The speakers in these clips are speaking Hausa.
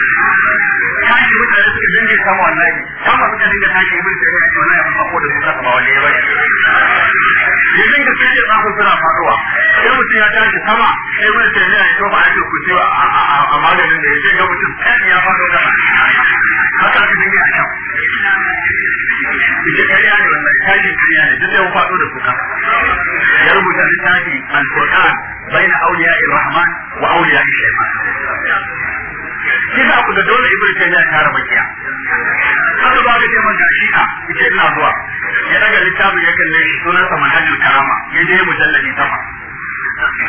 tashi mutane suka dange kama wallahi kama mutane da tashi ibn sai ya ce wallahi ban da kuka kama wallahi ba ne din da sai ba ku suna faruwa sai mutum ya tashi sama sai ibn sai ya to ba ake ku ce a maganin da yake ga mutum kan ya faɗo da haka ake dinga a can Ike kariya ne wannan tashin kariya ne duk da ya faɗo da kuka. Ya rubuta littafi Al-Qur'an baina auliya Rahman wa auliya Shaitan. shi za ku da dole ibnu taymiya ya tara makiya haka ba ka ce man shi'a yace ina zuwa ya daga littafin ya kalle shi sunan sa manhajul karama ya je mujalladi sama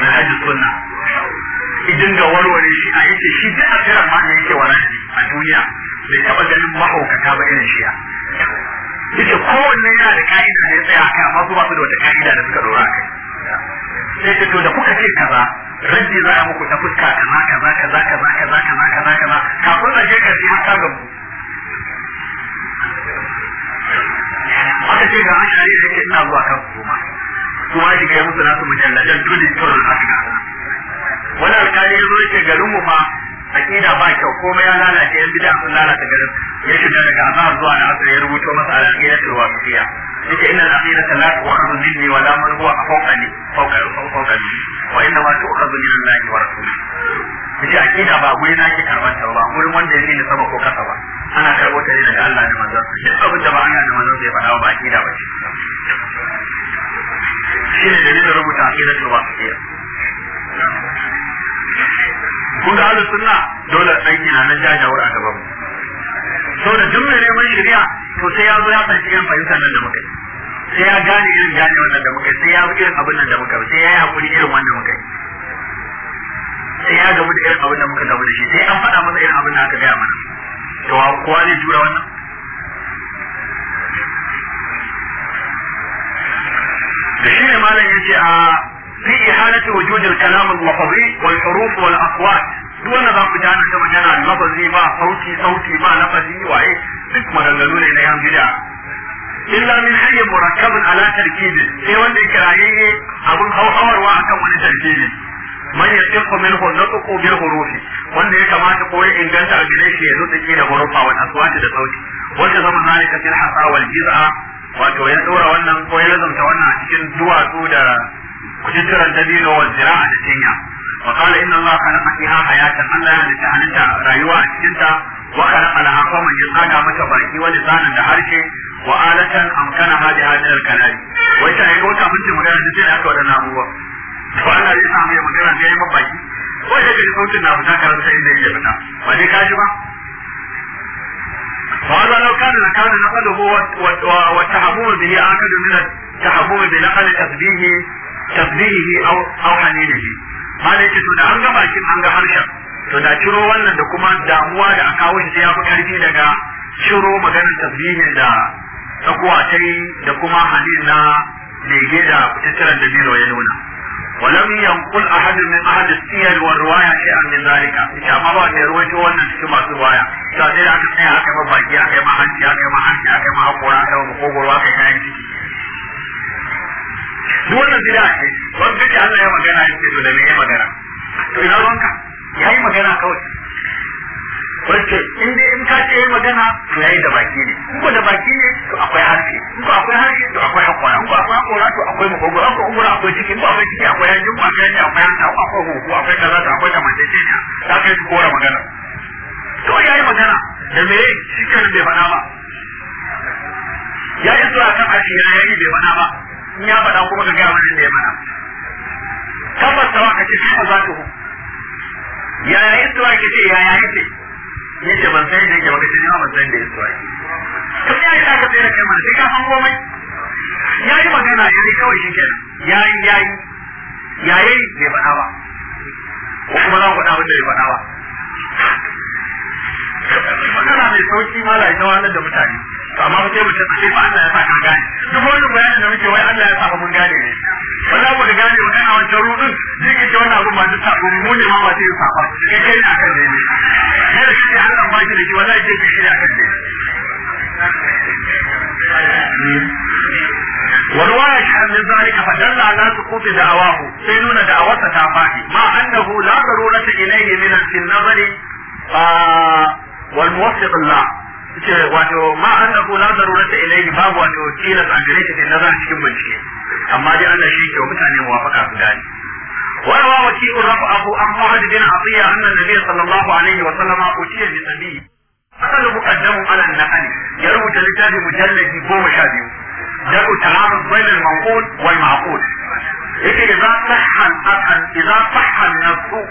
manhajul sunna idan ga warware shi a yace shi da a ma ne yake warashi a duniya bai taba ganin mahaukata ba irin shi'a yace kowanne yana da ka'ida da ya tsaya kai amma kuma ba su da wata ka'ida da suka dora kai sai ta to da kuka ce kaza raddi za a muku ta fuska kaza kaza kaza kaza kaza kaza kaza kaza kafin a je karshe har ka gabu aka ce ga an shari'a da ke ina zuwa kan goma kuma shi ga musu nasu mujalladan dole turin afirka wani alkali ya zo yake garin mu ma aƙida ba kyau komai ya lalace yan bid'a sun lalata garin ya shiga daga azhar zuwa na asr ya rubuto masa al-aqida ta wasiya ina da al-aqida la tu'khadhu minni wa la man huwa fawqani fawqa ce kida ba guri na ke karɓar ta ba gurin wanda ya da sama ko kasa ba ana karɓo ta ne daga Allah da manzon duk abin da ba ana da manzon ya faɗa ba kida ba shi shi ne nuna rubuta aqidatul wasitiyya kun ga ahlus sunna dole aiki na nan jajawar a gaban mu da duk mai neman shari'a to sai ya zo ya san cikin fahimtar nan da muka yi sai ya gane irin gane wannan da muka sai ya bi irin abin nan da muka sai ya yi hakuri irin wannan muka yi sai ya gamu da irin abin da muka gamu da shi sai an faɗa masa irin abin da aka gaya mana to kowa zai jura wannan da shi ne malam ce a fi ihalati wujud wa kalam al-lafzi wal huruf wal aqwat duk wanda za ku ji ana cewa yana lafazi ba sauti sauti ba lafazi waye duk maganganu ne na yan bid'a illa min hayy murakkabun ala tarkibi sai wanda kirayen ne abun hauhawarwa akan wani tarkibi man yasiqu minhu nutqu bil hurufi wanda ya kamata ko ya inganta a gare shi ya nutsuke da hurufa wa aswati da sauti wanda zama zalika fil hasa wal jiz'a wato ya dora wannan ko ya lazanta wannan a cikin duwatsu da kujinturan dabino wa zira'a da cinya wa qala inna allaha khalaqa fiha hayatan allah ya halitta halitta rayuwa a cikin ta wa khalaqa laha qaman yasaga mata baki wa lisanan da harshe wa alatan amkana hadi hadal kalali wai ta ga wata mutum magana da sai aka wadannan abubuwa to Allah ya samu ya magana da yayi mabaki ko da kaji sautin na fita karanta inda yake fita ba dai kaji ba وهذا لو كان كان نقله والتحمم به آكد من التحمم بنقل تسبيه tasbihihi aw aw hanilihi malai ce to da an ga bakin an ga harshen to da ciro wannan da kuma damuwa da aka kawo shi ya fi karfi daga ciro maganar tasbihin da tsakuwa ta yi da kuma halil na lege da fitattar da miro ya nuna ولم ينقل احد من احد السير والرواية شيئا من ذلك إذا ما بعد يروي هو أن كما رواية فإذا أكد أي أكما باقي أكما حنشي أكما حنشي أكما أقول أكما مقوب الواقع كان يمسكي دون الزلاء وانت جعلنا يا مجانا يسكت لنا يا مجانا تو إلا رونك يا مجانا كوي wacce in dai in ka ce magana to yayi da baki ne in ko da baki ne to akwai harshe in ko akwai harshe to akwai hakora in ko akwai hakora to akwai makogoro in ko makogoro akwai ciki in ko akwai ciki akwai hanji in ko akwai hanji akwai hanta ko akwai huhu akwai kaza to akwai ne ta kai su kora magana to yayi magana da me shi kan bai faɗa ba ya zuwa kan harshe ya yayi bai faɗa ba in ya faɗa kuma ga gaya ne da ya tabbas tawa ka ce kai ba za ta hu yaya istuwa ya ce yaya ni ce ban san da yake wani shi ban san da yake wani to ya yi aka tsere kai mana sai ka hango mai, ya yi magana ya zai kawai shi kenan ya yi ya yi ya yi bai faɗa ba ko kuma za ku faɗa wanda bai faɗa ba magana mai sauki ma la ta wahalar da mutane amma ba sai mutum ba Allah ya sa ka gane duk wani bayanin da muke wai Allah ya sa mun gane ne wala mu da gane wannan a wancan rudin zai kace wannan abun ba ta sabo mu ne ma ba sai sabo kai kai ne akan ne ne da shi Allah ba shi da shi wala yake shi akan ne ورواية شأن من ذلك فدل على سقوط دعواه سينون دعوته تافاه مع أنه لا ضرورة إليه من النظر آه والموفق الله suke wato ma an da ko lazar da ilayi babu wato kila ka gare ta na zan cikin bincike amma dai Allah shi ke mutane wafaka su gani wa wa waki rafa abu an muhaddi bin asiya anna nabiy sallallahu alaihi wa sallama utiya bi sabi asal muqaddamu ala an-nahl ya rubuta litabi mujalladi 12 da ku tamam bayan al-manqul wal ma'qul yake da zan akan idan fahimta nafsu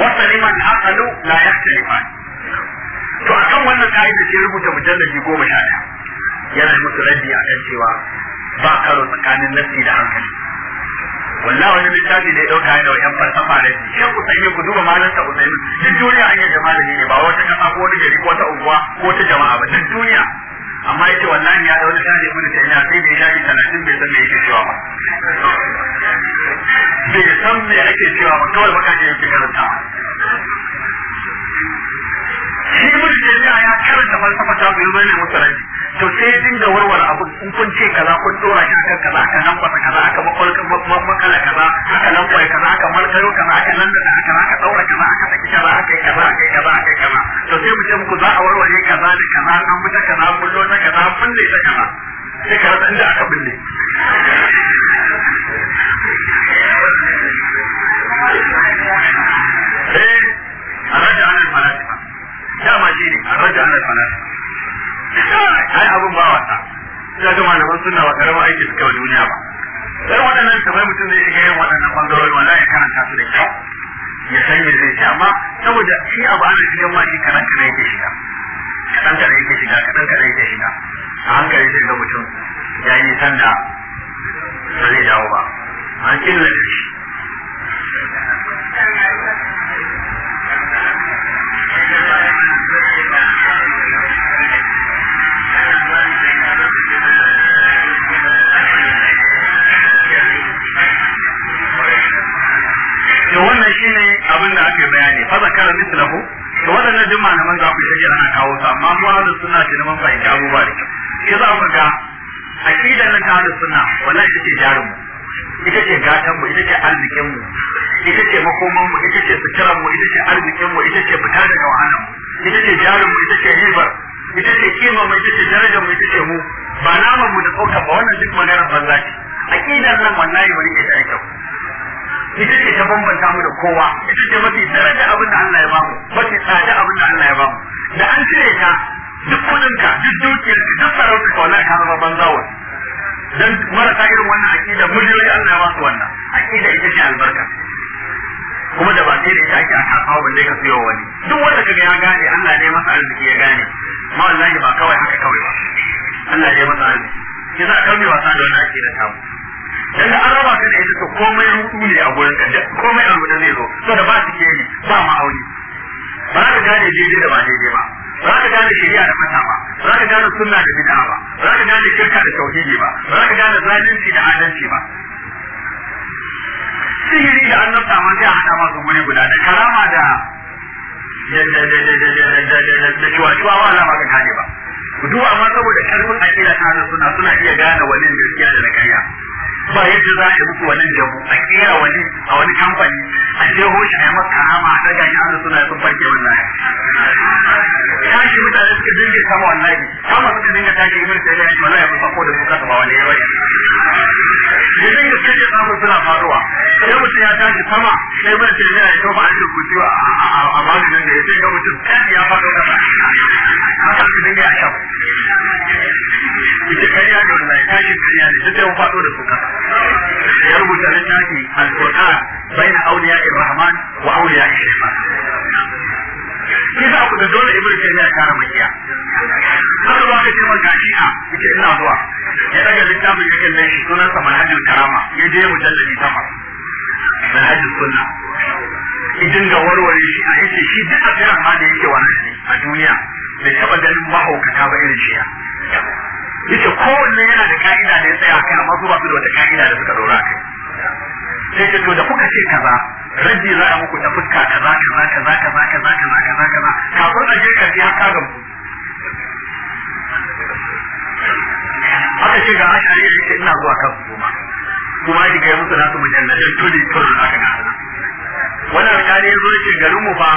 wa salima al-aqlu la yaktifani to a kan wannan kayan da ke rubuta mujallabi goma sha ɗaya yana musu rabi a kan cewa ba karo tsakanin nasi da hankali wallah wani littafi da ya ɗauka yana wa yan falsafa da shi ku usaimi ku duba malam sa usaimi duk duniya an yadda malami ne ba wata kasa ko wata gari ko wata unguwa ko wata jama'a ba duk duniya amma yace wallahi ya da wani mun ibnu taymiya sai da yi 30 bai san me yake cewa ba bai san me ake cewa ba kawai baka je yake karanta shi mun taymiya ya karanta falsafa ta bai mai musu rabi to sai din da warware abu kun kun ce kaza kun dora shi kan kaza aka nan ba kaza aka makala kaza aka nan ba kaza aka markayo kaza aka nan da aka nan aka daura kaza aka saki kaza aka yi kaza aka yi kaza aka yi kaza to sai mun ce muku za a warware kaza da kaza an fita kaza kun kullo na kaza bulle ta kaza sai ka rasa inda aka bulle eh a raja an fara dama shi ne an raja ana sanar ai abin ba wasa ya ga malaman suna ba karama aiki suka wa duniya ba sai waɗannan kamar mutum zai shiga yin waɗannan ɓangarori wanda ya karanta su da kyau ya san me zai ci amma saboda shi abu ana shigan ma shi kaɗan kaɗan yake shiga kaɗan kaɗan yake shiga kaɗan kaɗan yake shiga a hankali sai ga mutum ya yi sanda ba zai dawo ba an killa da shi to wannan shine abin da aka bayani fa zakara mislahu to wadannan duk malaman za ku shirya ana kawo su amma mu ahlu sunna ce na mun fahimci abubuwa da kyau ke za mu ga aqidar nan ta ahlu sunna wallahi ita ce jarumu ita ce gatan mu ita ce arzikin mu ita ce makoman mu ita ce sukiran mu ita ce arzikin mu ita ce fita daga wahalan mu ita ce jarin mu ita ce hibar ita ce kima mu ita ce daraja mu ita ce mu ba nama mu da tsoka ba wannan duk maganar banza ce aqidar nan wallahi bari ke da kyau ita ce ta bambanta mu da kowa ita ce mafi daraja abin da Allah ya ba mu mafi tsada abin da Allah ya ba mu da an cire ta duk kudinka duk dukiyarka duk sarauta ka wallahi ka zama wa dan marasa irin wannan aqida mujallai Allah ya ba su wannan aqida ita ce albarka kuma da ba sai da ita ake a kawo balle ka siyo wani duk wanda kaga ya gane Allah ne masa arziki ya gane ma wallahi ba kawai haka kawai ba Allah ne masa arziki sai za wasa da wannan ake da tamu dan da an raba ka da ita to komai rudu ne a gurin kanta komai abu da zai zo to da ba ke ne ba ma auni ba za ka gane daidai da ba daidai ba ba za ka gane shari'a da mata ba ba za ka gane sunna da bid'a ba ba za ka gane shirka da tauhidi ba ba za ka gane zalunci da adalci ba sihiri da annabta ma sai a hada ma guda da karama da da ciwa ba alama ka gane ba ku amma saboda karfin aƙida ta hannun suna suna iya gane wannan gaskiya da na karya ba yadda za a yi muku wannan jabu a kera wani a wani kamfani a ce ho shi a maka hama a daga shi ana suna ya sun farke wallahi tashi mutane suka dinga kama wallahi kama suka dinga tashi ibn sai ya ce wallahi ba ko da suka ba wani yawa ne dinga kace samu suna faruwa sai mutum ya tashi sama sai ba sai ya ce ba an ku ciwa a malamin da sai ga mutum kan ya faɗo da ba haka su dinga ya shafa ita kariya da wallahi tashi kariya ne sai ya faɗo da su suka ya rubuta littafi al-Qur'an baina awliya الرحمن وأولياء الشيطان kisa ku da dole ibnu taymiya ya kara makiya har ba ka ce maka shi'a yake ina zuwa ya daga littafin yake nan shi sunan sa manhajul karama ya je mujalladi sama manhajul sunna idan ga warware shi a yace shi duk abin amma da yake wannan ne a duniya bai taba ganin mahaukata ba irin shi ya yace kowanne yana da ka'ida da tsaya kai amma su da wata ka'ida da suka dora kai sai ce to da kuka ce kaza raji za a muku ta fuska kaza kaza kaza kaza kaza kaza kaza kaza kafin a je karfi har ka gamsu aka ce ga ashari ya ce ina zuwa kan goma kuma shi ga musu nasu mujalladin tuli tuli aka ga wannan alƙali ya zo ya ce garin mu fa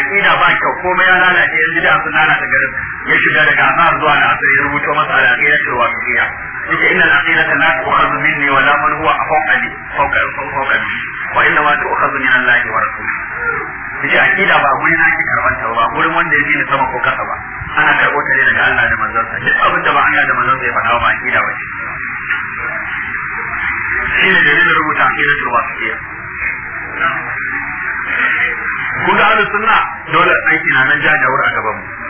aƙida ba kyau komai ya lalace yanzu da sun lalata garin ya shiga daga asar zuwa na asar ya rubuto masa alaƙi ya ce wa tafiya yace inna na aqilata la tu'khadhu minni wa la man huwa fawqa li fawqa fawqa li wa inna ma tu'khadhu min Allah wa rasulihi yace aqida ba gurin na ke karban ta ba gurin wanda yake ne sama ko kasa ba ana karbo ta ne daga Allah da manzon sa duk abin da ba Allah da manzon sa ya faɗa ba aqida ba ce shi ne dalilin rubuta aqidatul wasiyya kun ga ahlus sunna dole aiki na nan jajawar a gaban mu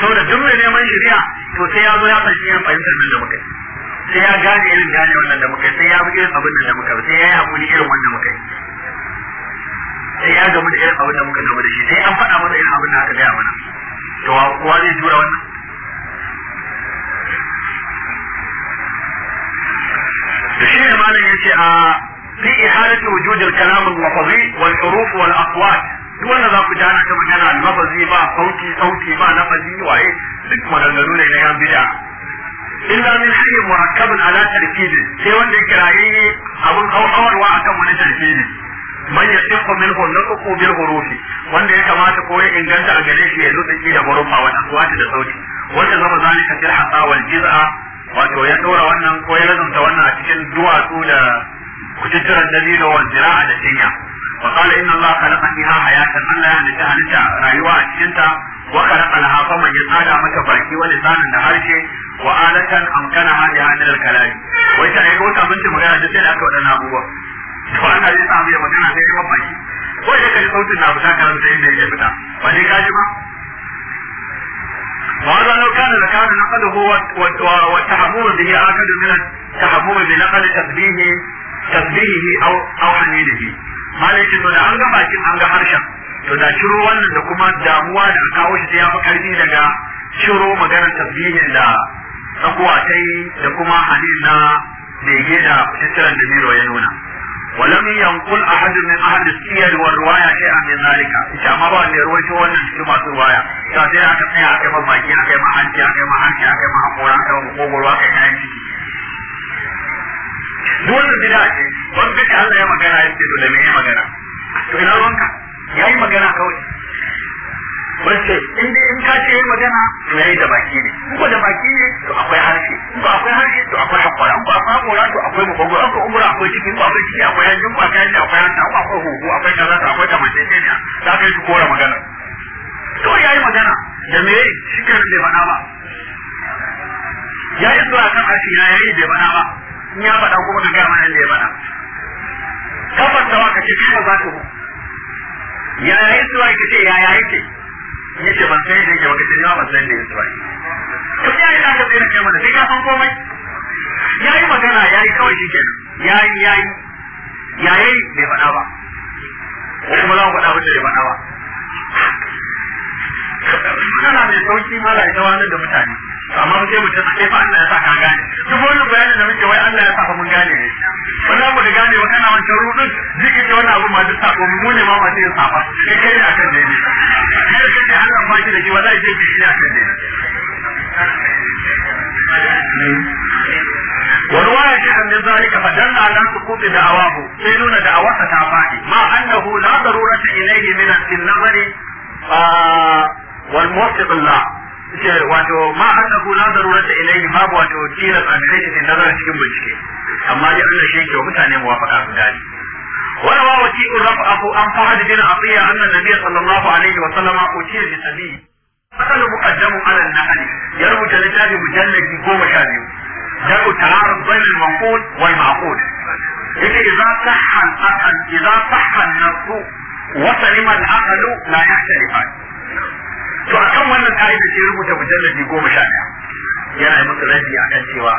saboda duk mai neman shari'a to sai ya zo ya san ya fahimtar nan da muka sai ya gane irin gane wannan da muka sai ya bi irin abin da muka sai ya yi hakuri irin wannan muka sai ya gamu da irin abin da muka gamu da shi sai an faɗa masa irin abin da aka gaya mana to wa kowa zai jura wannan da shi ne malam yace a fi ihalatu wujud al-kalam al-lafzi wal huruf wal aqwat duk wanda za ku ji ana ta magana lafazi ba sauki sauki ba lafazi waye duk maganganu ne na yan bid'a illa min shay'in murakkabun ala tarkibi sai wanda yake rayi abun a akan wani tarkibi man yasiqu na ko bil hurufi wanda ya kamata ko ya inganta a gare shi ya nutsi da hurufa wa aswati da sauti wanda zama zalika fil hasa wal jiz'a wato ya dora wannan ko ya lazanta wannan a cikin duwatsu da kututturan dalilo wa zira'a da jinya وقال إن الله خلق فيها حياة أن لا يهلكها لتا رايوة أجنتا وخلق لها فما يقال مك باكي ولسانا نهارشي وآلة أمكنها لها من الكلام وإذا أيقوت أمنت مغيرة جسد أكبر أنا أبوه وأنا لسا أمي مكانا سيدي ومعي وإذا كان صوت النابتا كلام سيدي من يبتا ولي كاجبا وهذا لو كان ذكاء نقده والتحمم به آكد من التحمم بنقل تسبيه تسبيهه أو أو حنينه malai to da an ga bakin an ga harshen to da ciro wannan da kuma damuwa da aka kawo shi ya fi karfi daga ciro maganar tasbihin da tsakuwa ta yi da kuma halin na bege da fitaccen da miro ya nuna ولم ينقل أحد من أهل السير والرواية شيئا من ذلك إذا ما بقى اللي رويته وانا شكما الرواية تاتي أكا تنيا أكا مباكي أكا محانتي أكا محانتي أكا محمورا أكا مقوبر وأكا كاين duk wannan bid'a ce wani bid'a Allah ya magana ya ce to da me ya magana to ina Ya yayi magana kawai wace in dai in ka ce yayi magana to yayi da baki ne ko da baki ne to akwai harshe ko akwai harshe to akwai hakora ko akwai hakora to akwai mafagora ko umura akwai cikin ko akwai ciki akwai hanjin ko akwai hanjin akwai hanta ko akwai huhu akwai kaza akwai ne za ka yi su kora magana to yayi magana da me shi kan bai faɗa ba ya yi zuwa kan harshe ya yayi bai faɗa ba in ya faɗa kuma ka gaya mana inda ya faɗa kafar tawa ka ce kuma za ku ya yayi suwa ka ce ya yayi ce ya ce ban san yadda ka ce ya ban san yadda ya suwa to ya yi ka tsira kai mana sai ka san komai ya yi magana ya yi kawai shi kenan ya yi ya yi ya yi bai faɗa ba ko kuma za ku faɗa wanda bai faɗa ba magana mai sauki mala ita wani da mutane amma ba sai mutum sai fa Allah ya sa ka gane duk wani bayani da muke wai Allah ya sa mun gane ne wannan mu da gane wa kana wancan rudin zikin da wannan abu ma duk sako mu ne ma ma sai ya sa fa ke kai ne akan dai ne sai kace Allah ba shi da shi wallahi sai shi ne akan dai ورواية عن ذلك فدل على سقوط دعواه سيلون دعوة تعفاه مع أنه لا ضرورة إليه من النظر والموفق الله ce wato ma annahu la darura ta ilayhi babu wato kira tsamirai da nazarin cikin bincike amma ya inda shi yake mutane mu wafa da gani wani wa wati ko rafa aku an fara da bin asiya an nan nabiya sallallahu alaihi wa sallama ko kira da sabi akan muqaddamu ala an-nahl ya rubuta littafi mujalladi 12 ya rubuta rabbul manqud wal ma'qud yake idza sahha an idza sahha an-nasu wa salima al-aqlu la yahtalifan to kan wannan ka'ida ce rubuta mujalladi goma sha ɗaya yana yi masa rabi kan cewa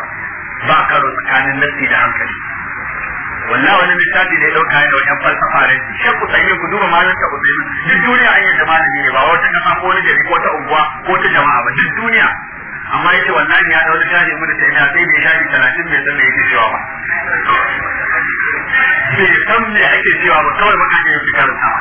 ba karo tsakanin nassi da hankali wallah wani misali da ya dauka ya dauki falsafa ne shi ku sanye ku duba malam ta ubayi duk duniya an yi malami ne ba wata kasa ko wani gari ko ta unguwa ko ta jama'a ba duk duniya amma yake wannan ya dauki shafi mu da sai na sai bai shafi talatin bai san me yake cewa ba bai san me ake cewa ba kawai maka ne fi karanta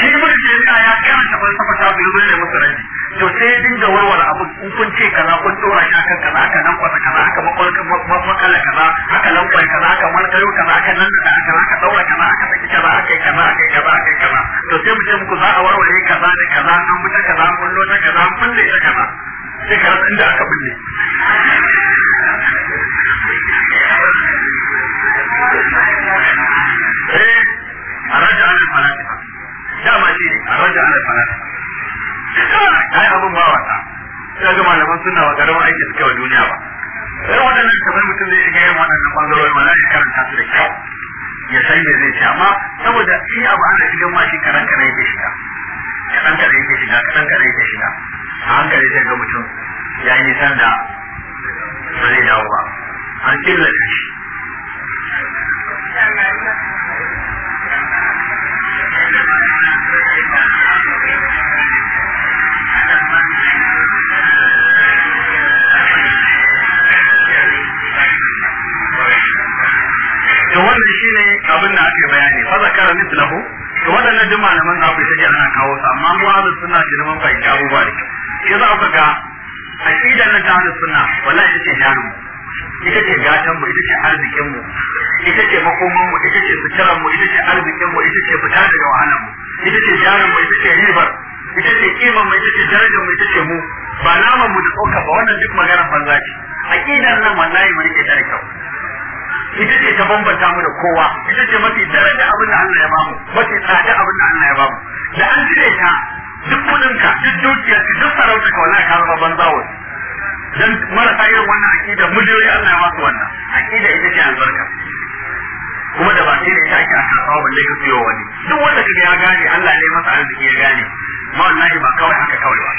shi ibn jami'a ya karanta ta da masaranci to sai dinga warware in kun ce kaza kun shi akan kaza aka nan kwata kaza aka kaza aka kaza aka markayo kaza aka nan da aka kaza aka saki kaza aka kaza aka kaza aka kaza to sai mu ce muku za a warware kaza da kaza an kaza an ta kaza an ta kaza sai ka rasa inda aka a raja dama shi ne a raja ana fanata ai abin ba wata. Ya ga malaman suna wa garin aiki suka wa duniya ba sai waɗannan kamar mutum zai iya yin waɗannan ɓangarori wala ya karanta su da kyau ya san me zai ci amma saboda in abu ana shigan ma shi karan karan yake shiga karan karan yake shiga karan karan yake shiga a hankali sai ga mutum ya yi nisan da ba zai dawo ba an killace shi suke bayani fa zakara mithlahu to waɗannan duk malaman na bai take ana kawo su amma mu ahlus suna ke da mun bai kawo ba da ke za ku ga aqidar na ta sunna wallahi ita ce jarum ita ce gatan mu ita ce arzikin mu ita ce makoman mu ita ce suturan mu ita ce arzikin mu ita ce fita daga wahalan mu ita ce jarum mu ita ce ribar ita ce kiman mu ita ce darajar mu ita ce mu ba namu mu da tsoka ba wannan duk magana banza ce aqidar nan wallahi mun ke tare da ita ce ta bambanta mu da kowa ita ce mafi daraja abin da Allah ya bamu mafi tsada abin da Allah ya bamu da an cire ta duk kudinka duk dukiyarka duk sarautarka wallahi ka banza wa dan marasa irin wannan aqida mujoyi Allah ya masu wannan aqida ita ce albarka kuma da ba sai da ita ka karɓa balle ka siyo wani duk wanda kake ya gane Allah ne masa arziki ya gane ma wallahi ba kawai haka kawai ba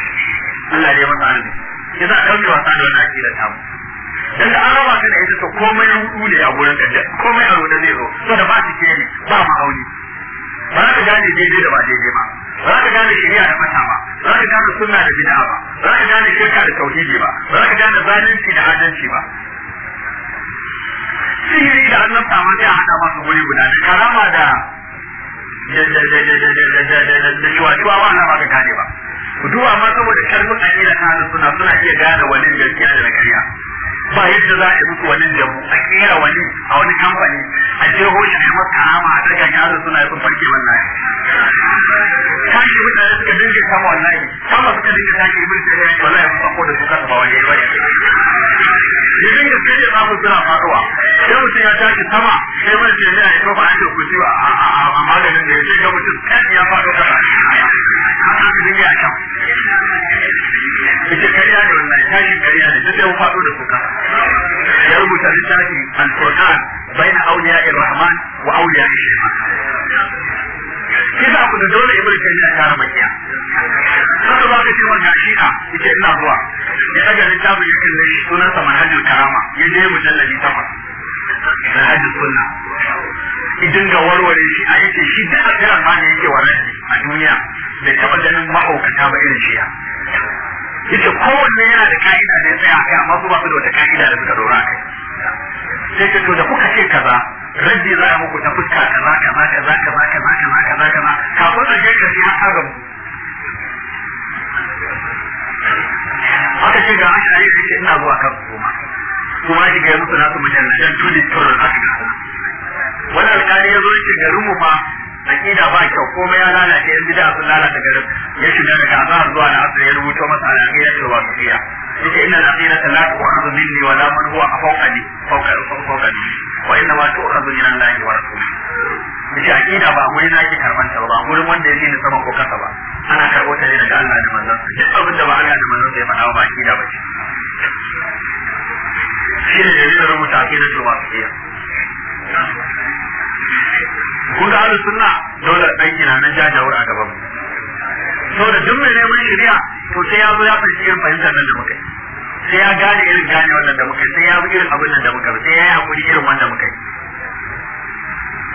Allah ne masa arziki yasa kawai wasa da wannan aqida ta mu daga da an raba ta da ita to komai ya ne a gurin ka komai a wurin zai zo to da ba su ke ne ba hauni ba za ka gane daidai da ba daidai ba ba za ka gane shari'a da mata ba ba za ka gane suna da bid'a ba ba za ka gane shirka da tauhidi ba ba za ka gane zalunci da adalci ba sihiri da Allah ta sai a hada masa wuri guda da karama da da shuwa-shuwa ba na ba ka gane ba. Duba ma saboda karfin aƙida ta suna suna iya gane wani gaskiya da na ƙarya. ba yadda za a yi wani jamu a kera wani a wani kamfani a je hoshi a masu nama a daga yaro suna yi farke wannan kashi mutane suka dinga kama wannan kama suka dinga ya wallahi mun sako da su kasa ba wani ya dinga sai da suna faruwa sai ya tashi sama sai ce ne a yi a a maganin da ya ce ga mutum ya faru haka su dinga a ita kariya ne wannan tashi kariya da ya faɗo da su kasa ya rubuta littafi al-Qur'an baina awliya ar-Rahman wa awliya ash-Shaytan kisa ku da dole ibnu taymiya ya rama kiya haka ba ka ce wa shi'a yace ina zuwa ya daga littafin yakin da shi sunan sa manhajul karama ya je mujalladi takwas da hajjul sunna idin ga warware shi a yace shi da kiran ma ne yake warware a duniya bai taba ganin mahaukata ba irin shi ya yace kowanne yana da ka'ida da ya tsaya a sai ka to da kuka ce kaza rabbi za a muku ta fuska ka kaza kaza kaza kaza kaza kaza kaza kafin a je karshe an an aka ce ga ashirin yi suke ina zuwa kan kuma shi ga musu nasu mutane da dole tsoron aka gasa wani ya zo garin mu aqida ba kyau komai ya lalace yanzu da sun lalata garin ya shiga da kaza zuwa na asiri ya rubuto masa al Ya ce wa ina da inna ta aqida wa tu'khadhu minni wa la man huwa fawqani fawqa fawqani wa inna ma tu'khadhu min Allah wa rasulih yace aqida ba gurin na ke karban ta ba gurin wanda yake ne sama ko kasa ba ana karbo ta ne daga Allah da manzon sa duk abin da ba Allah da manzon sa ya faɗa ba aqida ba ce shi ne da rubuta aqida ce su sufiya kun ga ahlus sunna dole dan kina nan jajawar a gaban mu da duk mai neman shari'a to sai ya zo ya fahimci irin fahimtar nan da muka sai ya gane irin gane wannan da muka sai ya bi irin abin nan da muka yi sai ya yi hakuri irin wanda muka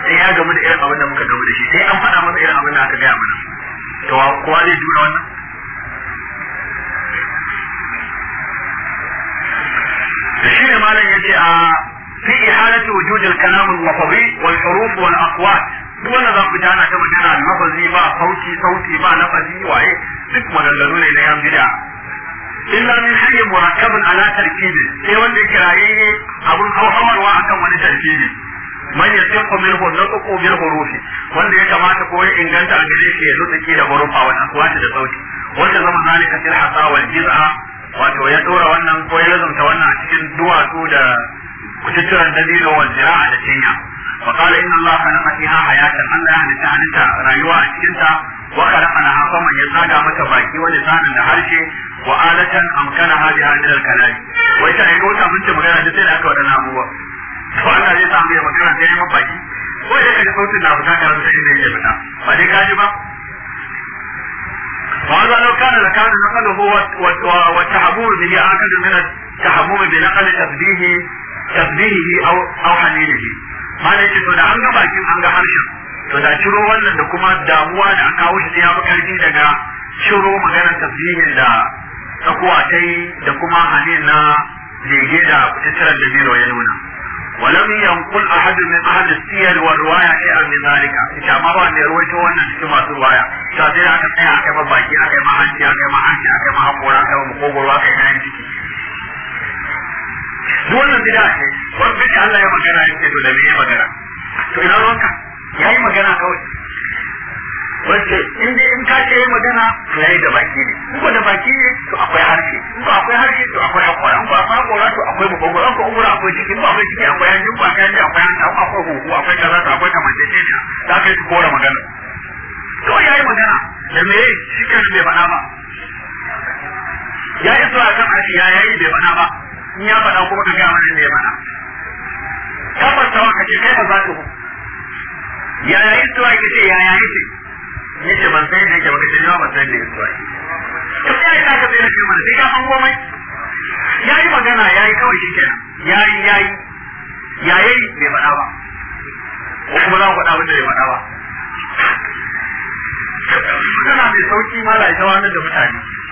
sai ya gamu da irin abin da muka gamu da shi sai an faɗa masa irin abin da aka gaya mana to kowa zai juna wannan da shi ne malam ya ce a ah, في إحالة وجود الكلام اللفظي والحروف والأصوات duk za ku jana ta magana lafazi a sauti sauti ba lafazi waye duk maganganu ne na yan bid'a illa min hayyin murakkabun ala tarkibi sai wanda yake raye abun hauhawarwa akan wani tarkibi man yasiqu minhu nutqu bil hurufi wanda ya kamata ko ya inganta a gare shi ya nutsuki da hurufa wa aswati da sauti wanda zama zalika fil hasa wal jiz'a wato ya dora wannan ko ya wannan cikin duwatsu da kututturan dabino wal zira'a da cinya fa qala inna allaha khalaqa fiha hayatan allah ya halitta halitta rayuwa a cikin ta wa khalaqa laha faman ya tsaga maka baki wa lisanan da harshe wa alatan amkana hadi hadal kalami wai ta aiko ta mun ce magana da sai da aka wadana abubuwa to Allah ya samu ya magana sai ya baki ko da kaji sautin na fita karan sai ne ya fita ba dai kaji ba وهذا لو كان لكان نقله وتحبوه به عقد من التحبوب بنقل تفديه tasbihihi au aw halilihi malai ce to da an ga bakin an ga harshen to da ciro wannan da kuma damuwa da aka kawo shi ya fi daga ciro maganar tasbihin da tsakuwa ta da kuma na lege da fitaccen da biro ya nuna ولم ينقل أحد من أهل السير والرواية شيئا من ذلك إذا ما بعد رويته وانا نسمع رواية تابعنا كما أكما باكي أكما حنشي أكما حنشي أكما حقورا أكما مقوبر وأكما ينتكي duk wannan bid'a ce wani bid'a Allah ya magana ya ce to da me ya magana to ina ya yayi magana kawai wace in dai in ka ce yayi magana to yi da baki ne in ko da baki ne to akwai harshe in ko akwai harshe to akwai hakora in ko akwai hakora to akwai makogoro in ko umura akwai ciki in ko akwai ciki akwai hanji in ko akwai hanji akwai ko akwai huhu akwai kaza to akwai kamanceceniya da aka yi su kora magana to yayi magana da me shi kan bai faɗa ba ya a kan harshe ya yi bai faɗa ba in ya faɗa kuma ka gaya mana da ya faɗa kafar tawa ka ce kai ba za ku yaya istuwa ki ce yaya yake ni ce ban san yake ba ka ce ni ban san da istuwa ki to sai ka ka bayyana shi mana sai ka san komai yayi magana yayi kawai shi kenan yayi yayi yayi bai faɗa ba ko kuma za ku faɗa abin da bai faɗa ba suna mai sauki ma la ita wani da mutane amma mu sai mu ta sai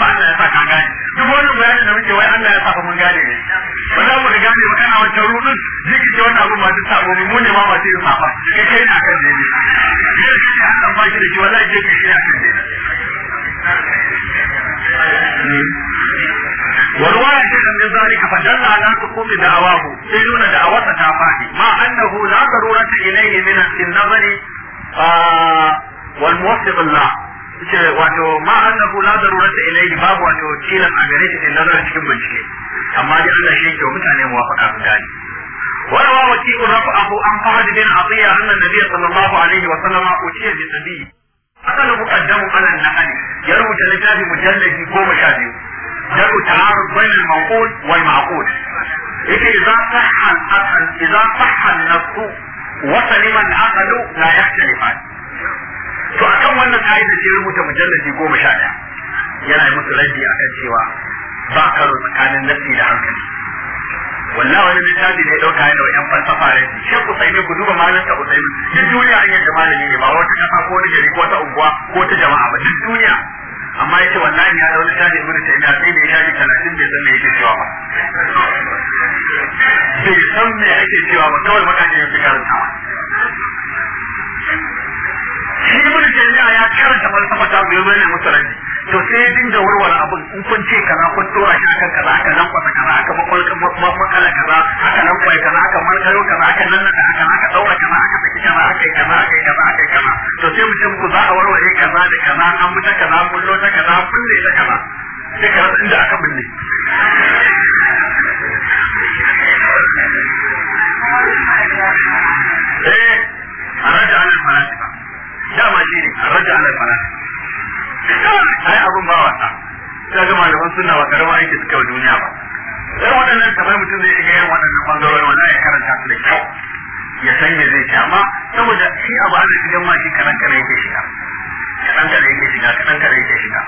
ba Allah ya sa gane duk wannan bayani da muke wai Allah ya saka mun gane ne ba za mu gane ba kana wancan rudin jiki ce wannan abun masu sabo mu ne ma masu yin safa kai kai na kan ne Allah ba shi da shi wallahi jiki shi na ne والواحد من ذلك فدل على سقوط دعواه في دون دعوته مع انه لا ضروره اليه من النظر آه والموفق الله ce wato ma annahu la darurata ilayhi babu wato tilan a gare shi nazar cikin bincike amma dai Allah shi yake mutane muwafaqa su gani وروى وكيء رفعه عن فهد بن عطية أن النبي صلى الله عليه وسلم أوتي بالنبي أصل مقدم على النقل يروي تلتاب مجلد قوم شادي يروي تعارض بين المنقول والمعقول يجي إذا صح إذا صح النص وسلم العقل لا يختلفان to akan wannan da ke rubuta mujalladi goma sha ɗaya yana yi musu a kan cewa ba karo tsakanin nafsi da hankali wallahi wani littafi ne dauka yana wa yan falsafa ne shi ne ku duba malam ta ne duk duniya an yadda malami ne ba wata kafa ko wani ko ta unguwa ko ta jama'a ba duk duniya amma yace wallahi ya da wani mun ibnu ina sai da shafi 30 bai san me yake cewa ba bai san me yake cewa ba kawai mutane ne fi karantawa shi ibn taymiya ya karanta falsafa ta biyu mai ne musulunci to sai ya dinga warware abin in kun ce kaza kun dora shi akan kaza aka nan kwasa kaza aka kala kaza aka nan kwai kaza aka markayo kaza aka nan nada aka aka daura kaza aka saki kaza aka yi kaza aka yi kaza aka kaza to sai ku za a warware kaza da kaza an mutu kaza kullo ta kaza kunne ta kaza sai kaza inda aka binne eh a raja al-falasifa dama shi ne a raja ala fara ai abun ba wasa ta ga malaman suna ba karama aiki suka duniya ba sai wadannan kamar mutum zai iya yin waɗannan ɓangarorin wannan ya karanta su da kyau ya san me zai ci amma saboda shi abu an shigan ma shi kanan kana yake shiga kanan kana yake shiga kanan kana yake shiga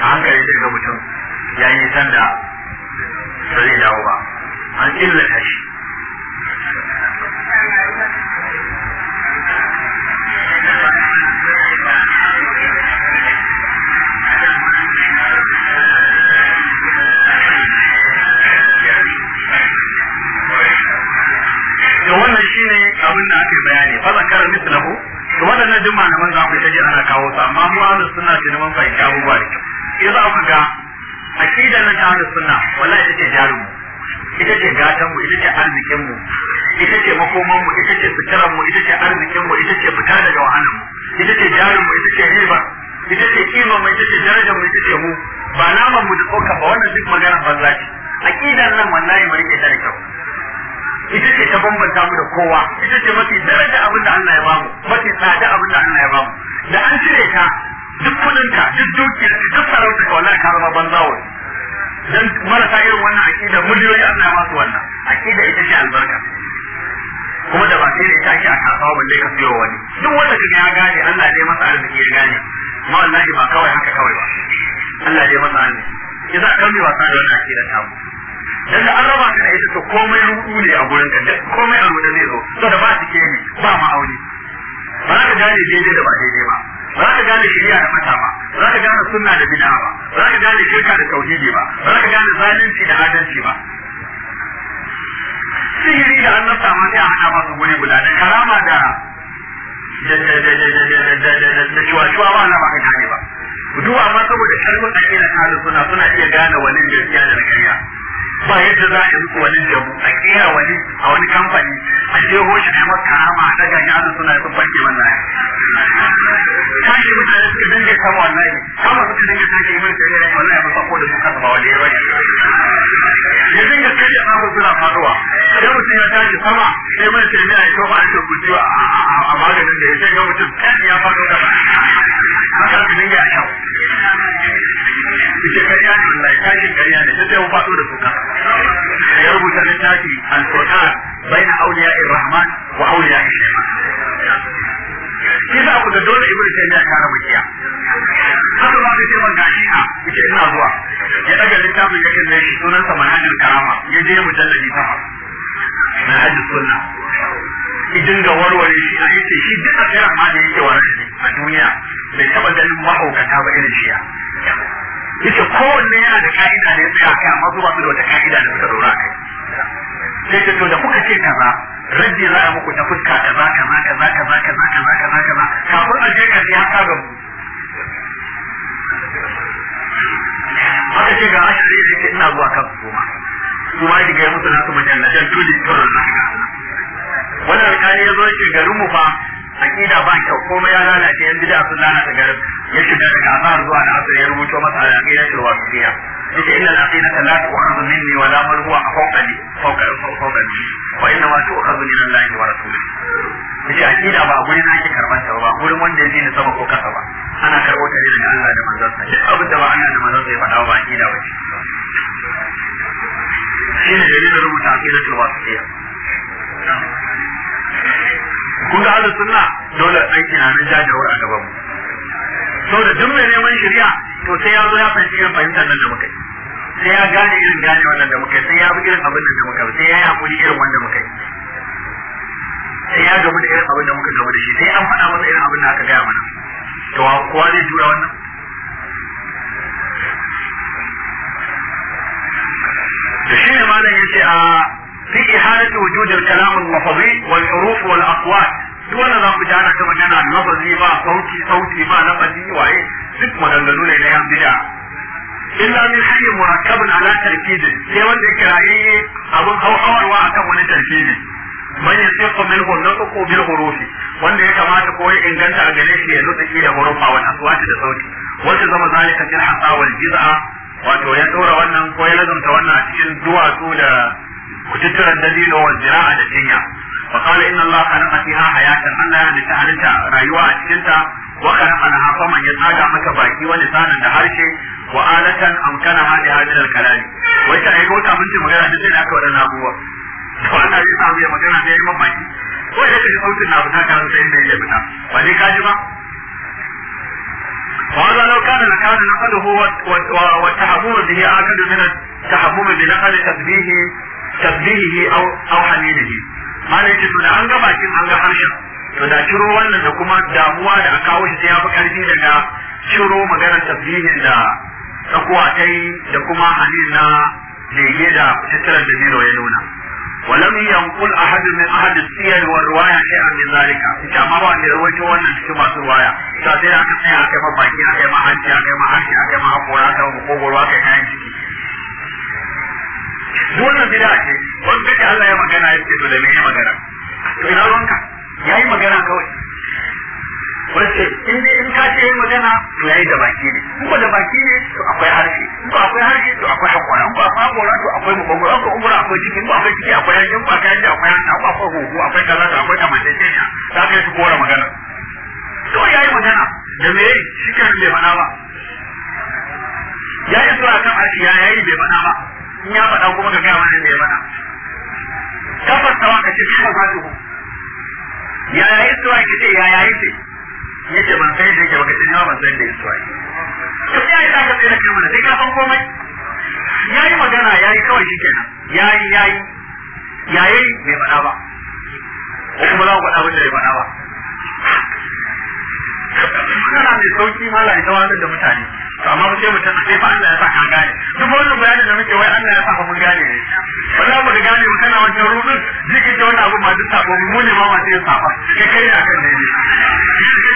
a hankali zai ga mutum ya yi sanda ba zai dawo ba an illata shi zakara mislahu to waɗannan duk malaman za ku ta ana kawo su amma mu ahlus sunna ce na mun fahimci abubuwa da kyau in za ku ga aqidar na ahlus sunna wallahi ita ce jarumu ita ce gatan mu ita ce arzikin mu ita ce makoman mu ita ce fitaran mu ita ce arzikin mu ita ce fita daga wahalan mu ita ce jarin mu ita ce riba ita ce kima mu ita ce darajar mu ita ce mu ba naman mu da tsoka ba wannan duk magana banza ce aqidar nan wallahi mu rike ta da kyau ita ce ta bambanta mu da kowa ita ce mafi daraja abin da Allah ya mu mafi tsada abin da Allah ya mu da an cire ka duk kudinka duk dukiyar duk sarau ka wallahi ka zama banza wani dan marasa irin wannan aqida miliyoyi Allah ya masu wannan aqida ita ce albarka kuma da ba sai ne ta ki a kasuwa balle ka siyo wani duk wanda kaga ya gane Allah ne masa arziki ya gane amma wallahi ba kawai haka kawai ba Allah ne masa arziki idan kan bi wasa da wannan aqida ta mu dan da an raba ka da ita to komai rudu ne a gurin ka komai abu da zai zo to da ba su ke ba ma aure ba za ka gane daidai da ba daidai ba ba za ka gane shari'a da mata ba ba za ka gane sunna da bid'a ba ba za ka gane shirka da tauhidi ba ba za ka gane zalunci da adalci ba sihiri da nasa ma sai a hada masa guri guda da karama da da shuwa-shuwa ba na ba da gane ba da da saboda da da da suna suna iya gane wani da da na da ba yadda za a yi wani jamu a kera wani a wani kamfani a je hoshi ne maka ama a daga ya suna na mutane dinga wannan ne kama dinga yi mulki ne wannan ko da suka zama wani yawa ne ya dinga suna faruwa idan mutum ya tashi sama sai mai sai a yi ta a maganin da ya sai ga mutum kan ya faru da ba dinga a Ike kariya ne, wallahi ne, sai sai ya da ya rubuta littafi al-Qur'an baina awliya ar-Rahman wa awliya ash-Shaytan shi za ku ga dole ibnu taymiya ta rabu kiya haka ba ka ce man gashi a kuke ina zuwa ya daga littafin ya kalle shi sunan sa manhajul karama ya je mujalladi ta manhajul sunna idin ga warware shi a yace shi duk a tsira ma ne yake warware a duniya bai taba ganin mahaukata ba irin shi ya yace kowanne yana da ka'ida da ya tsaya kai amma su ba su da wata ka'ida da suka dora kai sai ta to da kuka ce kaza raddi za a muku ta fuska kaza kaza kaza kaza kaza kaza kaza kaza kafin a je ka ya ka ga aka ce ga ashirin zai ce ina zuwa kan goma su ma shiga ya mutu nasu mujallajen dole tsoron na wannan alƙali ya zo ya ce garin mu fa aqida ba kyau komai ya lalace yanzu da sun lalata garin ya shiga daga azhar zuwa na asar ya rubuto masa al-aqida wa wasiya yace inna al-aqida la tu'khadhu minni wa la man huwa fawqa li fawqa fawqa li wa inna ma tu'khadhu min allahi wa rasuli yace aqida ba gurin ake karban ta ba gurin wanda yake ni sama ko kasa ba ana karbo ta ne daga Allah da manzon sa shi abin da ba Allah da manzon sa ya fada ba aqida ba shi ne da rubuta aqida wa wasiya kun ga ala sunna dole sai tunanin jajawar a gaban mu da duk mai neman shari'a to sai ya zo ya fahimci irin fahimtar nan da muka yi sai ya gane irin gane wannan da muka yi sai ya bi irin abin da muka yi sai ya yi hakuri irin wanda muka yi sai ya gamu da irin abin da muka gamu da shi sai an faɗa masa irin abin da aka gaya mana to kowa zai jura wannan da shi ne ma da ce a ah, في إحالة وجود الكلام اللفظي والحروف والأصوات دون ذا مجانا كما كان لفظي ما صوتي صوتي ما لفظي وعي ست مدللون إلى أمبدا إلا من حي مركب على تركيز سيوان ذكرائي أبو الخوحوة خوحور من تركيز من يصيق منه النطق بالحروف wanda ya kamata ko ya inganta a gare shi ya nutsaki da hurufa wal aswati da sauti wasu zama zalika وانا hasa wal jiz'a wato ya Ku jujjurar da zai zo wa zira a dandali. Wakarala in na latsa na ajiha hayatar hannayar da ta halin rayuwa a cikin ta. Waƙar na fama ya zaga haka baki wani zanen da harshe wa'anatan amtana hali a gidan kanani. Wai ta a yi mun fi magana da zai na taurin labuwar. Dole magana da zai magana Ko ya da ƙaunfin labunan da zai yi mai laifuka. Waɗanda ya gaji ba? Ba zan yi waɗanda na gani na hadu ko wacce ta Habu masu yi a ka dutsen da tasbihihi aw aw hamidihi ما ce to da an ga bakin an ga harshen to da wannan da kuma damuwa da aka kawo sai ya fi karfi daga ciro maganar tasbihin da tsakuwa ta da kuma na da da ya nuna ولم ينقل احد من احد السير والروايه شيئا من ذلك ita ma ba da rawaito wannan cikin masu ruwaya ta sai aka tsaya aka yi mabaki aka yi mahanci aka yi aka ko kai ciki wannan bid'a ce wanda ke Allah ya magana yake ce to da me ya magana to ina ruwanka yayi magana kawai wace in dai in ka ce magana to yayi da baki ne in ba da baki ne to akwai harshe in ba akwai harshe to akwai hakora in ba akwai hakora to akwai mabogoro in ko umura akwai ciki in ba akwai ciki akwai yankin ko akwai yankin akwai yankin akwai hugu akwai kaza da akwai kamar da za ka yi su kora magana to yayi magana da me shi kan bai mana ba ya yi zuwa kan harshe ya yayi bai mana ba in ya faɗa kuma ka gaya wannan da ya faɗa tabbas tawa ka ce kuma ba su ya yayi suwa ki ce ya yayi ce Ya ce ban san da yake ba kace ba ban san da yake suwa to sai ya ka tsira kai mana sai ka san komai yayi magana yayi kawai kenan. yayi yayi yayi bai faɗa ba ko kuma za ku faɗa wanda da bai faɗa ba magana mai sauki mala ta wani da mutane amma mu sai mutum sai fa Allah ya sa ka gane duk wannan bayanin da muke wai Allah ya sa mun gane ne wala mu da gane kana wancan rubin jikin ta wannan abu ba duk sabo mu ne ma ma sai sabo kai kai ya kan ne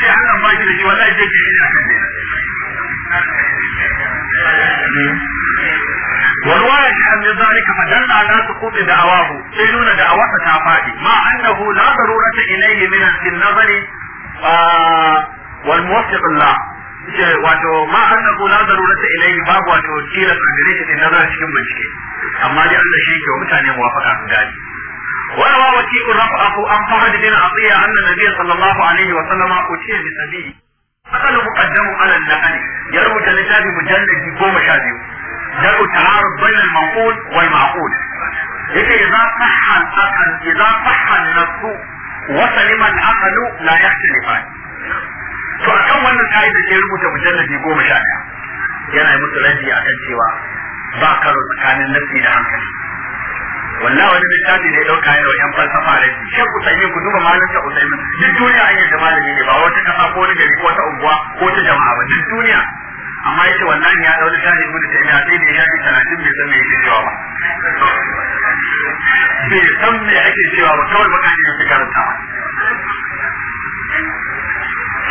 sai Allah ba shi da shi wallahi je ki ya kan ne ورواية عن ذلك فدل على سقوط دعواه سيلون دعوة تافادي مع أنه لا ضرورة إليه من النظر والموفق الله suke wato ma an na zo nazaru da ilayhi babu wato kira sirri da nazar cikin bincike amma dai Allah shi ke mutane muwafaka su gani wa wa wati ku rafa aku an fara da bin atiya anna nabiy sallallahu alaihi wa sallama ku ce bi sabi akalu muqaddamu ala al-lahani ya rubuta litabi mujalladi 12 daru ta'aruf bayna al-maqul wa al-ma'qul yake idza sahha al-aqlu idza sahha al-nafs wa salima al-aqlu la yahtalifan to a kan wannan ka'ida ke rubuta mujalladi goma sha ɗaya yana yi musu raji kan cewa ba karo tsakanin nafi da hankali wallah wani littafi da ya ɗauka ya yan falsafa da shi shekku sanye ku duba malam ta usaimin duk duniya an yadda malami ne ba wata kasa ko wani gari ko wata unguwa ko ta jama'a ba duk duniya amma yace wannan ya dauki shafi gudu ta yi sai da ya shafi talatin bai san me yake cewa ba bai san me ake cewa ba kawai baka ne ya fi karanta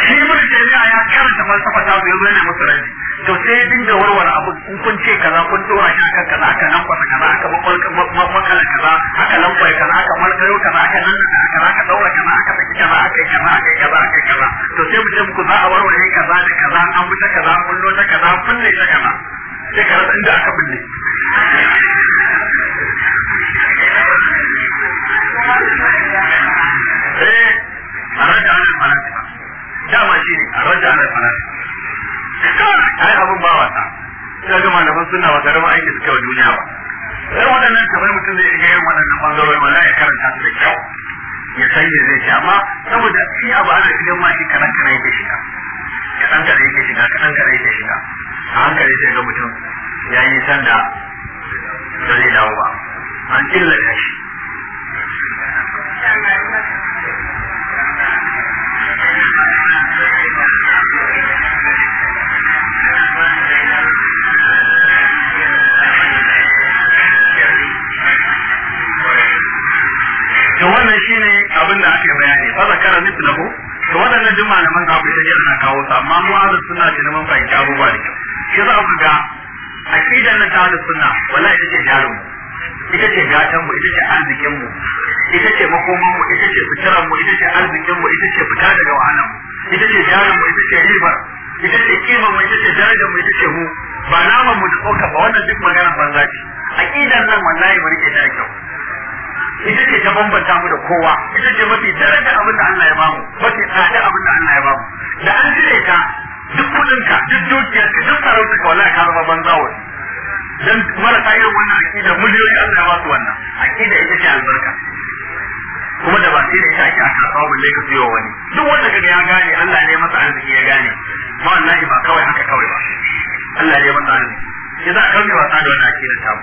shi mun a ya karanta falsafa ta bai zo yana masa rai to sai ya dinga warware abu in kun ce kaza kun tura shi akan kaza aka nan kwasa kaza aka makala kaza aka lambai kaza aka markayo kaza aka nan kaza aka daura kaza aka saki kaza aka kaza aka kaza aka kaza to sai mu ce muku za a warware kaza da kaza an fita kaza an lo ta kaza an ne ta kaza sai ka rasa inda aka bulle eh a rada ana dama shi ne a raja ana fanafi ai abin ba wasa ta ga malaman suna ba garin aiki suke wa duniya ba sai waɗannan kamar mutum zai iya yin waɗannan ɓangarorin wala ya karanta su da kyau ya san ya zai ci amma saboda shi abu ana gidan ma shi kaɗan kaɗan yake shiga kaɗan kaɗan yake shiga kaɗan kaɗan yake shiga a hankali sai ga mutum ya yi sanda ba zai dawo ba an killa shi to wannan shi ne abin da aka bayani fa zakara mithlahu to wadannan na malaman da akwai sai ana kawo su amma mu suna sunna na mun fahimci abubuwa da kyau shi za ku ga aqidan na ta ahlus sunna wallahi ita ce jarum ita ce gatan mu ita ce arzikin mu ita ce makoman mu ita ce fitaran mu ita ce arzikin mu ita ce fita daga wahala mu ita ce jarin mu ita ce ribar ita ce kima mu ita ce darajar mu ita ce mu ba naman mu da tsoka ba wannan duk magana banza ce aqidan nan wallahi ba ke da kyau ita ce ta bambanta mu da kowa ita ce mafi daraja abin da Allah ya bamu mafi tsada abin da Allah ya bamu da an jire ka duk kudinka duk dukiyarka duk ka wallahi ka zama banza wani dan marasa irin wannan aqida miliyoyi Allah ya ba su wannan aqida ita ce albarka kuma da ba sai da ita ake a kasuwa balle ka siyo wani duk wanda kaga ya gane Allah ne masa arziki ya gane ba wallahi ba kawai haka kawai ba Allah ne masa arziki idan aka a kauce wasa da wani da tabu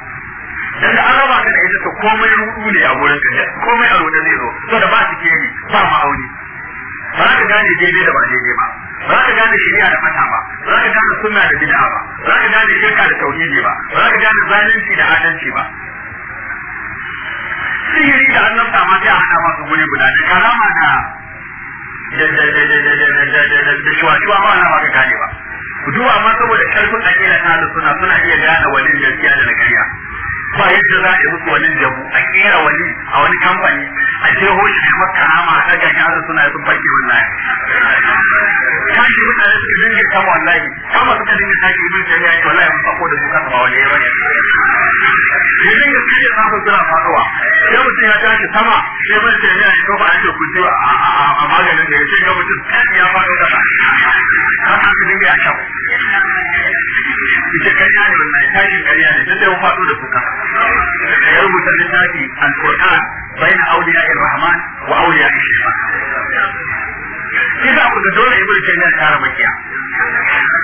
dan da an raba ka da ita to komai rudu ne a gurin ka komai aro rudu zai zo to da ba shi ke ni ba ma'auni ba za ka gane daidai da ba daidai ba ba za ka gane shari'a da mata ba ba za ka gane sunna da bid'a ba ba za ka gane shirka da tauhidi ba ba za ka gane zalunci da adalci ba sihiri da annabta ma sai a hana maka guri guda da karama na da shuwa-shuwa ma ana maka gane ba. Duba ma saboda karfin akila ta suna suna iya gane walin gaskiya da na karya. ba yadda za a yi musu wani jabu a kera wani a wani kamfani a ce hoshi ne maka hama a daga shi haka suna sun barke wallahi kashi mutane su dinga kama wallahi kama suka dinga sake yi da ya wallahi mun fako da su kasa ba wani yawa ne ya dinga kiyar na su suna faruwa sai mutum ya tashi sama sai mun ce ne a ce ba a ce ku ci a maganin da ya ce ga mutum ya faru da ba kan su dinga ya shafu ita kariya ne wannan tashin kariya ne sai mun fado da kuka ya rubuta littafi al-Qur'an baina awliya ar-Rahman wa awliya ash-Shaytan kisa ku ga dole ibnu taymiya ta rabakiya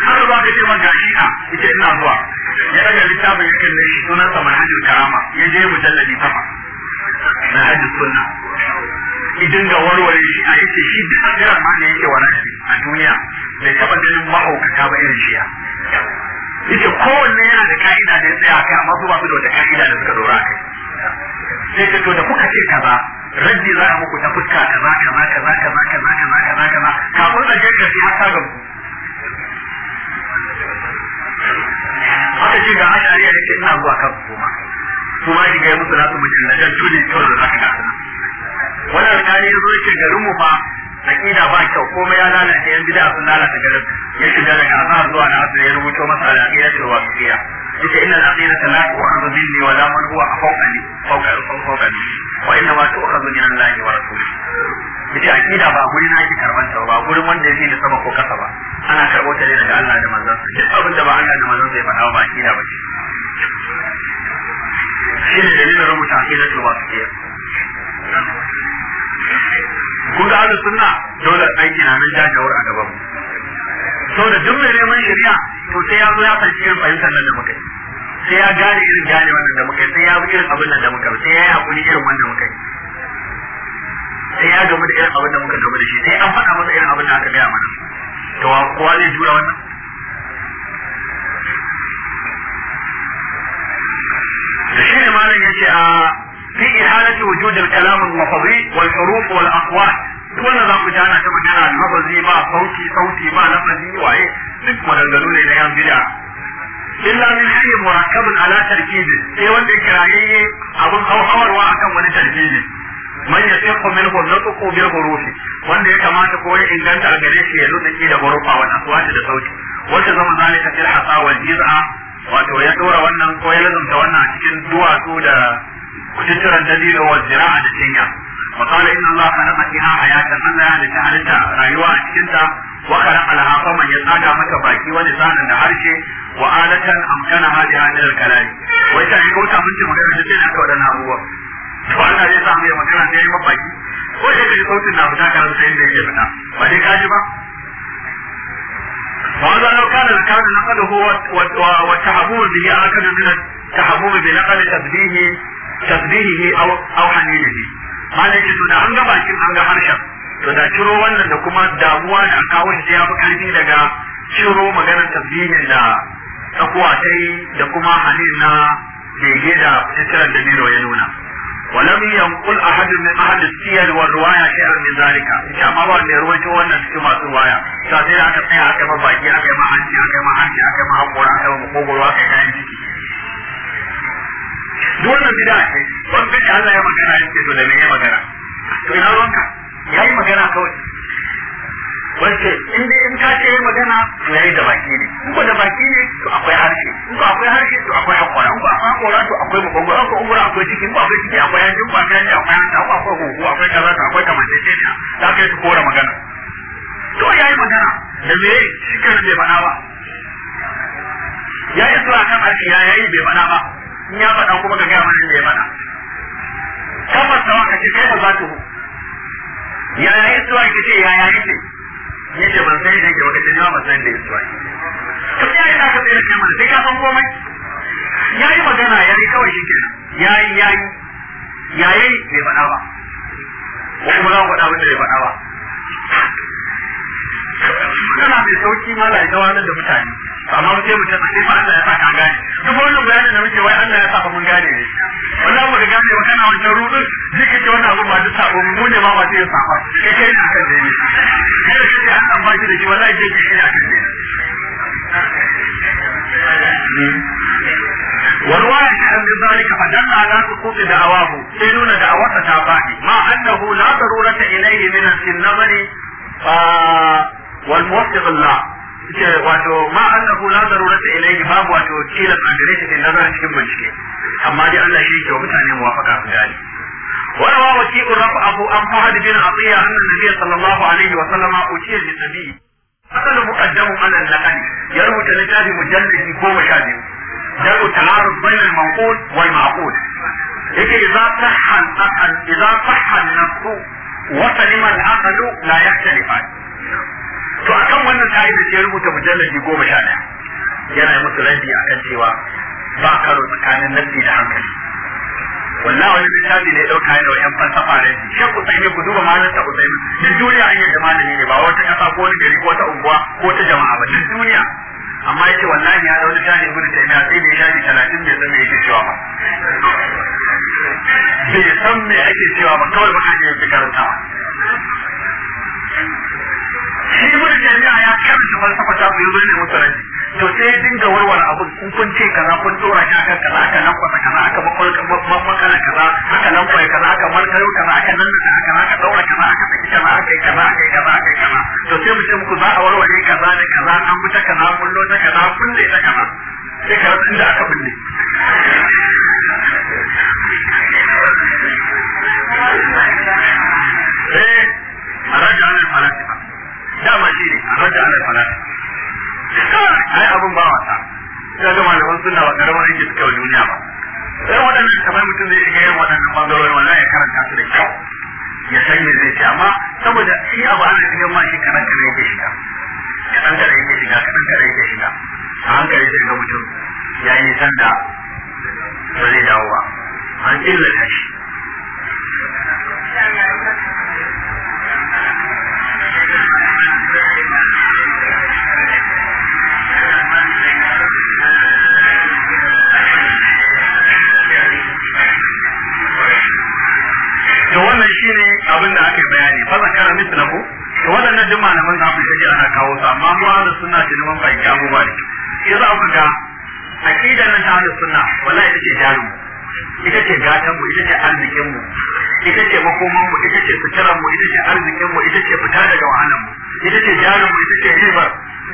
har ba ka ce man gashi a ita ina zuwa ya daga littafin ya kalle shi sunan sa manhajul karama ya je mujalladi sama manhajul sunna idan ga warware shi a yace shi duk ma ne yake warware a duniya bai taba ganin mahaukata ba irin shi ya yake kowanne yana da ka'ida da ya tsaya kai amma su ba su da wata ka'ida da suka dora kai sai ka to da kuka ce kaza rabbi za a muku ta fuska kaza kaza kaza kaza kaza kaza kaza kaza kafin a je karshe har ka gabu haka ce ga ashariya yace ina zuwa kan kuma su ma ki ga musu su mutum na dan tuni kyau da za ka gasa wannan kare zo yake garin mu fa aqida ba kyau komai ya lalace yan bid'a sun lalata garin ya shiga daga azhar zuwa na asiri ya rubuto masa al-aqida ta wasiya yace inna al da la tu'khadhu minni wa la man huwa fawqani fawqa fawqani wa inna ma tu'khadhu min Allah wa rasulihi Ita aqida ba gurin na yake karban ta ba gurin wanda yake da sama ko kasa ba ana karbo ta ne daga Allah da manzon sa duk abin da ba Allah da manzon sa ya faɗa ba aqida ba ce shi ne dalilin rubuta aqida ta wasiya kun ga ahlus sunna dole aiki na nan jajawar a gaban mu saboda duk mai neman shari'a to sai ya zo ya fahimci irin fahimtar nan da muka yi sai ya gane irin gane wannan da muka yi sai ya bi irin abin nan da muka yi sai ya yi hakuri irin wannan muka yi sai ya gamu da irin abin da muka gamu da shi sai an faɗa masa irin abin da aka gaya mana to kowa zai jura wannan da shi ne malam ya ce a ah, في إحالة وجود الكلام اللفظي والحروف والأصوات دون ذا ba تبجانا اللفظي ما صوتي صوتي ما لفظي وعيه duk maganganu ne na yan bid'a illa min hayy murakkabun ala tarkibi sai wanda kirayayye abun hawhawarwa akan wani tarkibi man yasiqu minhu nutqu bil hurufi wanda ya kamata ko ya inganta a gare shi ya nutsi da hurufa wa aswati da sauti wanda zama zalika fil hasa wal jiz'a wato ya dora wannan ko ya wannan cikin duwatsu da kututturan dabino wa zira'a da cinya wa qala inna allaha khalaqa fiha hayatan allah ya halitta halitta rayuwa a cikin ta wa khalaqa laha faman ya tsaga maka baki wani sanan da harshe wa alatan amkana hadi hadal kalami wai ta kauta mun ce magana da aka wadannan abubuwa to Allah ya samu ya magana da ya baki ko da kai sautin na fita kan sai da yake fita ba dai kaji ba وهذا لو كان الكلام نقله وتحبوه به أكد من التحبوب بنقل تبديه تقديره aw aw حنينه malai ce to da an ga bakin an ga harshen to da ciro wannan da kuma damuwa da kawo shi ya fi karfi daga ciro maganar tasbihin da tsakuwa ta da kuma halin na bege da da miro ya nuna ولم ينقل أحد من أهل السير والرواية شيئا من ذلك كما هو أن يرويته وأن تكما رواية سأتي لك أن أكما ma أكما أنت أكما أنت أكما أقول أكما مقوبر وأكما ciki. duk wannan bid'a ce wannan da Allah ya magana yake to da me ya magana to ina ruwanka yayi magana kawai wace in dai in ka ce magana to yayi da baki ne in ko da baki ne to akwai harshe in ko akwai harshe to akwai hakora in ko akwai hakora to akwai makogoro in ko umura akwai ciki in ko akwai ciki akwai hanji in ko akwai hanji akwai hanta in ko akwai huhu akwai kaza akwai kamanceceniya da ka yi su kora magana to yayi magana da me shi kan bai faɗa ba ya yi iso kan harshe ya yayi bai faɗa ba in ya faɗa kuma ga gaya mana da ya faɗa kafar sawa ka ce kai ba za ta hu ya yi suwa ki ce ya ya yake Ni ce ban san yake wata jini ba san da ya suwa to ya yi zaka tsere kai mana sai ka san komai ya yi magana ya yi kawai shi kenan ya yi ya yi ya yi bai faɗa ba ko kuma za ku faɗa wanda bai faɗa ba magana mai sauki ma la ya da mutane amma mu sai mu sai fa Allah ya sa gane duk wannan bayani da muke wai Allah ya sa mun gane ne mu ga gane wa kana wancan rudin jika ce wannan abun ba duk sabo mu ne ma ba sai ya saba kai kai ne akan dai ne kai ne an ba shi da shi wallahi jika shi ne akan dai والواحد ذلك فدل على سقوط دعواه إلون دعوة تابعه مع أنه لا ضرورة إليه من النظر والموفق الله ce wato ma Allah annahu la darura ta ilayhi babu wato kila an gare ta da nazarin cikin bincike amma dai Allah shi ke mutane muwafaka su gani wa rawa wasiqu rafa abu an fahad bin atiya anna nabiy sallallahu alaihi wa sallama utiya bi tabi asal muqaddamu ala al-laqan yarmu talatabi mujallidi ko mashadi jaru tanarud bayna al-mawqud wa al-ma'qud yake idza tahha idza tahha an-nafsu wa salima al-aqlu la yahtalifan to akan wannan ka'ida sai rubuta mujalladi goma sha ɗaya yana yi musu a kan cewa ba karo tsakanin nassi da hankali Wannan wani littafi ne ɗauka ne wa yan falsafa ne shi ku tsaye ku duba malam ta ku usai Duk duniya an yi da malami ne ba wata ƙasa ko wani gari ko wata unguwa ko ta jama'a ba duk duniya amma yake wannan ya da wani shahin gudu ta ina sai mai shani talatin mai san yake cewa ba bai san me ake cewa ba kawai ba ka je karanta kafin yanzu ne masa raji to sai ya dinga warware abin kun kun ce kaza kun tsora shi akan kaza aka nan kwasa kaza aka makala kaza aka nan kwai kaza aka markayo kaza aka nan kaza aka nan aka daura kaza aka saki kaza aka yi kaza aka yi kaza aka yi kaza to sai mutum ku za a warware kaza da kaza an bi ta kaza kullo ta kaza kulle ta kaza sai ka rasa inda aka binne eh a raja al-falasifa dama shi ne a raja ala fara ai abun ba wasa sai ga malaman suna ba karamar yake suka wani duniya ba sai waɗannan kamar mutum zai iya yin waɗannan bangarorin wannan ya karanta su da kyau ya san me zai ce amma saboda shi abu ana cikin ma shi kaɗan kaɗan yake shiga kaɗan kaɗan yake shiga kaɗan kaɗan yake shiga a hankali zai ga mutum ya yi sanda ba zai dawo ba an illata shi to wannan ne abin da aka yi bayani ba fa zakara mislahu to wadannan duk na da aka ji ana kawo su amma mu ahlus sunna ce mun bai abubuwa ba ne yanzu aka ga aqidar nan ta ahlus suna wala ita ce jaru ita ce gatan mu ita ce arzikin mu ita ce makoman mu ita ce fitiran mu ita ce arzikin mu ita ce fita daga wahalan mu ita ce jarin mu ita ce riba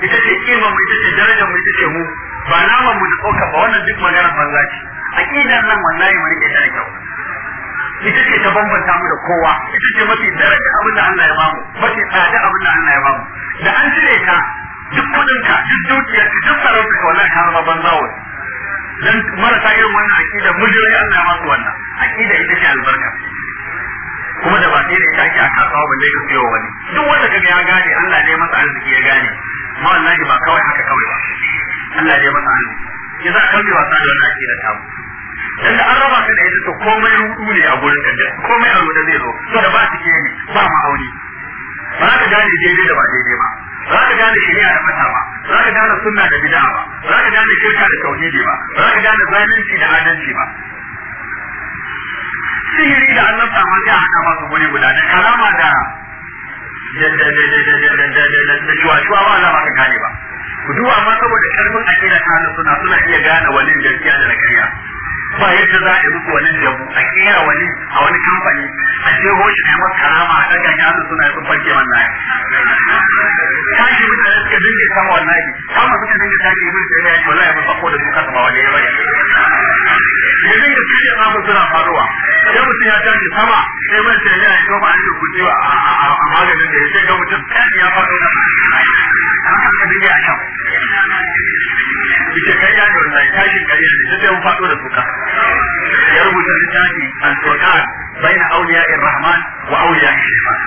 ita ce kima mu ita ce darajar mu ita ce mu ba naman mu da tsoka ba wannan duk magana banza ce aqida nan wallahi mun ke tare kyau ita ce ta bambanta mu da kowa ita ce mafi daraja abin da Allah ya mu mafi tsada abin da Allah ya mu da an cire ka duk kudin ka duk dukiyar ka duk sarauta ka wallahi har ma banza wani dan marasa irin wannan aqida mujrai Allah ya su wannan aqida ita ce albarka kuma da ba sai da ya a kasuwa balle ka siyo wani duk wanda kaga ya gane Allah ne masa arziki ya gane ma wallahi ba kawai haka kawai ba Allah ne masa arziki ya za a kalli wasa da wannan ake ta mu dan da an raba ka da ita to komai rudu ne a gurin ka komai abu da zai zo da ba su ke ne ba auni. ba za ka gane daidai da ba daidai ba ba za ka gane shari'a da mata ba ba za ka gane sunna da bid'a ba ba za ka gane shirka da tauhidi ba ba za ka gane zalunci da adalci ba sihiri da annan sama sai a kama su guda da karama da da shuwa-shuwa ba za ba ka gane ba ku amma saboda karfin akida ta suna suna iya gane wani gaskiya da na ba yadda za a yi muku wani jabu a kera wani a wani kamfani a ce hoshi ne masu karama a daga yanu suna yi sun wannan ya tashi mutane suka dinga kama wannan ya kama suka dinga tashi ibn sai ya ce wallahi ba sako da su kasa ba wani ya bari ya dinga tashi ma da faruwa sai mutum ya tashi sama sai mai sai ya yi kuma an yi kuɗi a maganin da ya sai ga mutum kan ya faɗo da an na da a can. ita kai ya da wannan tashin gare shi sai ya faɗo da suka ya rubuta littafi al-turkan baina awliya ar-rahman wa awliya ash-shaytan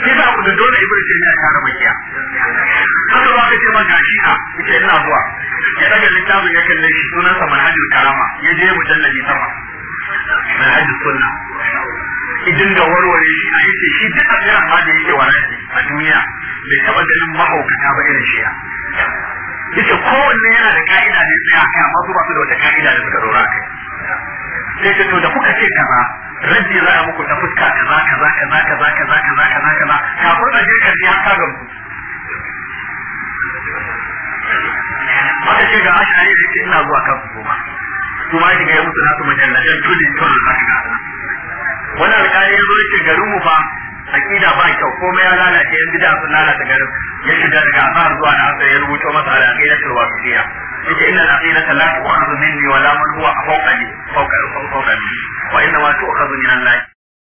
sai ba ku da dole ibnu taymiya ta raba kiya haka ba ka ce ma gashi a ita ina zuwa ya daga littafin ya kalle shi sunan sa manhajul karama ya je mujalladi sama na hajji sunna idan da warware shi a yace shi duk abin ma da yake wara a duniya bai taɓa ganin mahaukata ba irin shi ya yace kowanne yana da ka'ida da ya kai amma su ba su da wata ka'ida da suka dora kai sai ce to da kuka ce kaza rabbi za a muku ta fuska kaza kaza kaza kaza kaza kaza kaza kaza kafin a je karshe har ka gamsu aka ce ga ashari da ke ina zuwa kan goma su ma shiga ya mutu tudi wannan alƙali ya zo garin mu fa aƙida ba kyau komai ya lalace yanzu da sun lalata garin ya shiga daga asar zuwa da asar ya rubuto masa al'aƙida turwa su fiya yace inna al'aqidata la tu'khadhu minni wa la man huwa fawqa li fawqa fawqa li wa inna tu'khadhu min